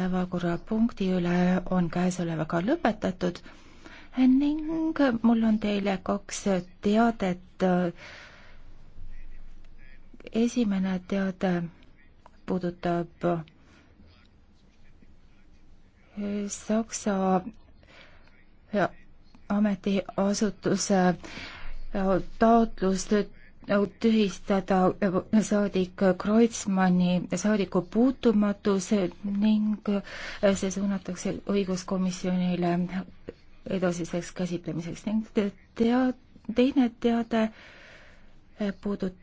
päevakorrapunkti üle on käesolevaga lõpetatud ning mul on teile kaks teadet. esimene teade puudutab Saksa ametiasutuse taotlust tühistada äh, saadik Kreutzmanni saadiku puutumatus ning äh, see suunatakse õiguskomisjonile edasiseks käsitlemiseks ning tea-, teine teade äh, puudutab